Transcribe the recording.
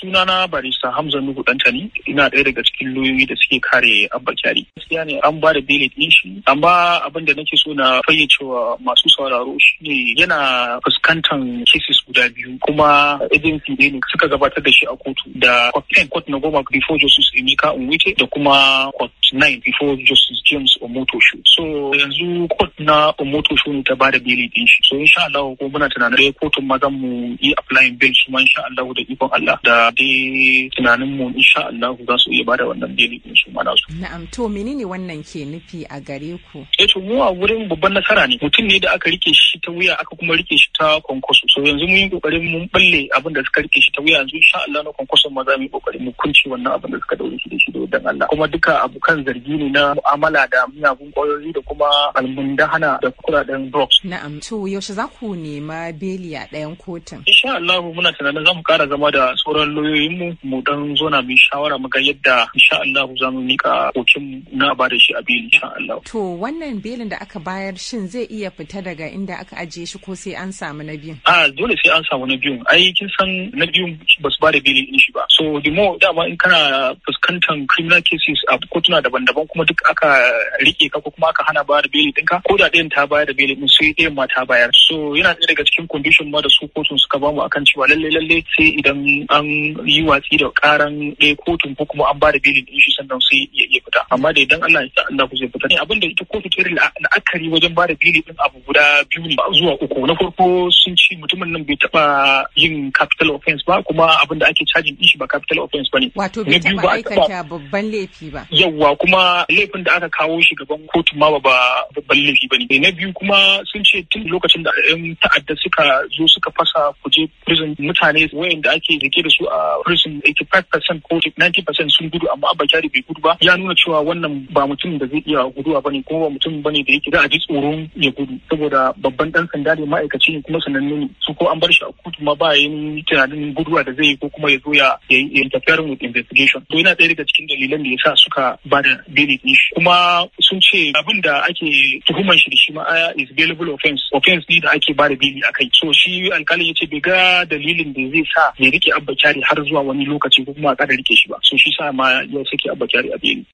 sunana barista hamza nuhu ne ina ɗaya daga cikin lauyoyi da suke kare abba kyari gaskiya ne an bada bele ɗin shi amma abin da nake so na fayyacewa masu sauraro shine yana fuskantan cases guda biyu kuma agency ɗaya ne suka gabatar da shi a kotu da court eh, na goma before justice emeka unwite da kuma court 9 before Justice James Omotosho. So yanzu court na Omotosho ne ta bada beli din shi. So insha Allah ko muna tunanin kotun ma zan mu yi applying bail su ma insha Allah da ikon Allah da dai tunanin mu insha Allah za su iya bada wannan beli din su ma nasu. Na'am to menene wannan ke nufi a gare ku? Eh to mu a wurin babban nasara ne. Mutum ne da aka rike shi ta wuya aka kuma rike shi ta kwankwaso. So yanzu mun yi kokarin mun balle abin da suka rike shi ta wuya yanzu insha Allah na konkoso ma za mu yi kokarin mu kunci wannan abin da suka daure shi da shi da Allah. Kuma duka abu kan wannan zargi ne na mu'amala da miyagun ƙwayoyi da kuma almundahana da kuɗaɗen drugs. Na'am, to yaushe za ku nema beli a ɗayan kotun? Insha Allah muna tunanin za mu ƙara zama da sauran lauyoyinmu mu dan zona mu shawara mu ga yadda insha Allah za mu mika kokin na ba da shi a beli insha Allah. To wannan belin da aka bayar shin zai iya fita daga inda aka ajiye shi ko sai an samu na biyun? Ah, dole sai an samu na biyun. Ai kin san na biyun ba su ba da beli in shi ba. So the dama in kana fuskantar criminal cases a kotuna da daban-daban kuma duk aka rike ka ko kuma aka hana bayar da beli ɗinka ko da ɗayan ta bayar da beli ɗin sai ɗayan ma ta bayar so yana ɗaya daga cikin condition ma da su kotun suka bamu akan cewa lalle lalle sai idan an yi watsi da karan ɗaya kotun ko kuma an ba da beli ɗin shi sannan sai ya iya fita amma da idan Allah ya Allah ku zai fita ne abin da ita kotu ta yi la'akari wajen ba da beli ɗin abu guda biyu ba zuwa uku na farko sun ci mutumin nan bai taɓa yin capital offense ba kuma abin da ake cajin ɗin shi ba capital offense ba ne. Wato bai taɓa aikata babban laifi ba. Yawwa kuma laifin da aka kawo shi gaban kotun ma ba babban laifi ba ne eh, na biyu kuma sun ce tun lokacin da yan ta'adda suka zo suka fasa kuje prison mutane wayanda ake rike da su a prison 85% ko 90% sun gudu amma abba kyari bai gudu ba ya nuna cewa wannan ba mutum da zai iya guduwa ba ne kuma ba mutum ba ne da yake da a ji tsoron ya gudu saboda babban dan sanda ne ma'aikaci ne kuma sanannu ne su ko an bar shi a kotu ma ba yin tunanin guduwa da zai yi ko kuma ya zo ya yi interfering with investigation to yana ɗaya daga cikin dalilan da ya sa suka ba da da beli kuma sun ce abin da ake tuhuman shi da shi ma uh, is bailable offense offense ne da ake bada beli akai so shi alkalin ya ce bai ga dalilin da zai sa ya rike abba kyari har zuwa wani lokaci ko kuma a kada rike shi ba so shi sa ma ya sake abba kyari a beli